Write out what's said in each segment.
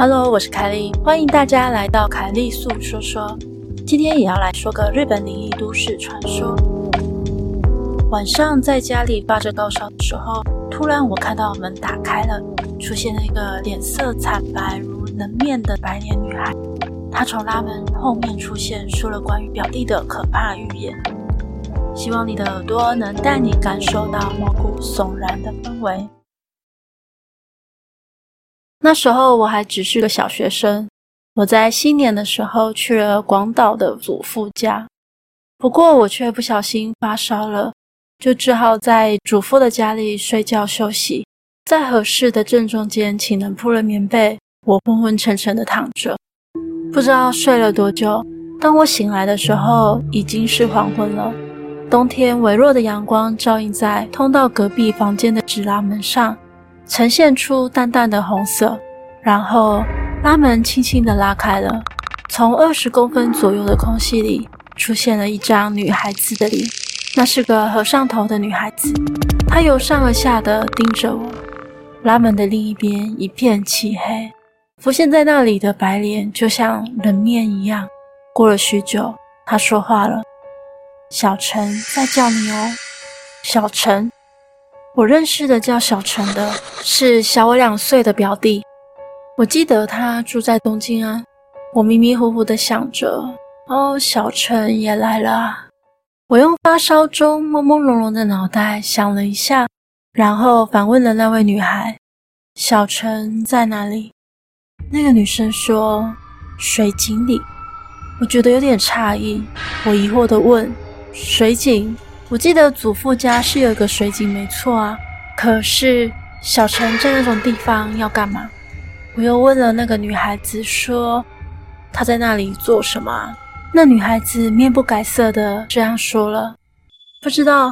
Hello，我是凱莉，歡迎大家來到凱莉粟說說。今天也要來說個日本靈異都市傳說。晚上在家裡發着高燒的時候，突然我看到門打開了，出現了一個臉色慘白如能面的白臉女孩。她從拉門後面出現，說了關於表弟的可怕預言。希望你的耳朵能帶你感受到毛骨悚然的氛圍。那時候我還只是個小學生，我在新年的時候去了廣島的祖父家，不過我卻不小心發燒了，就只好在祖父的家裡睡覺休息。在和室的正中間，請人鋪了棉被，我昏昏沉沉地躺着，不知道睡了多久。當我醒來的時候，已經是黃昏了。冬天微弱的陽光照映在通到隔壁房間的紙拉門上。呈現出淡淡的紅色，然後拉門輕輕地拉開了，從二十公分左右的空隙裡出現了一張女孩子的臉，那是個和尚頭的女孩子，她由上而下地盯着我。拉門的另一邊一片漆黑，浮現在那裡的白臉就像能面一樣。過了許久，她說話了：“小陳在叫你哦，小陳。”我認識的叫小陳的，是小我兩歲的表弟。我記得他住在東京啊。我迷迷糊糊的想着，哦，小陳也來了。我用發燒中朦朦朧朧的腦袋想了一下，然後反問了那位女孩：“小陳在哪裡？”那個女生說：“水井裡。”我覺得有點詫異，我疑惑的問：“水井？”我記得祖父家是有一個水井，沒錯啊。可是小陳在那種地方要幹嘛？我又問了那個女孩子說，說她在那裡做什麼？那女孩子面不改色的這樣說了，不知道，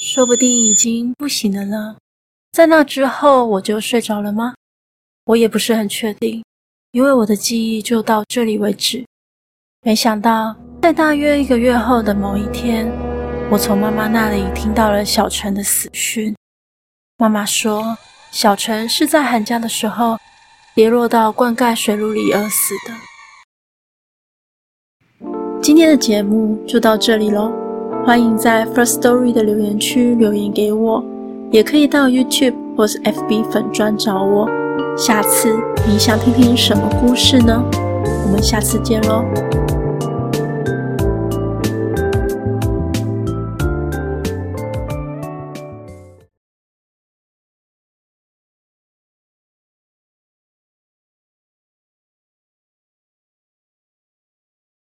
說不定已經不行了呢。在那之後我就睡着了嗎？我也不是很確定，因為我的記憶就到這裡為止。沒想到，在大約一個月後的某一天。我從媽媽那裡聽到了小陳的死訊。媽媽說，小陳是在寒假的時候跌落到灌溉水路裡而死的。今天的節目就到這裡嘍，歡迎在 First Story 的留言區留言給我，也可以到 YouTube 或是 FB 粉專找我。下次你想聽聽什麼故事呢？我們下次見嘍！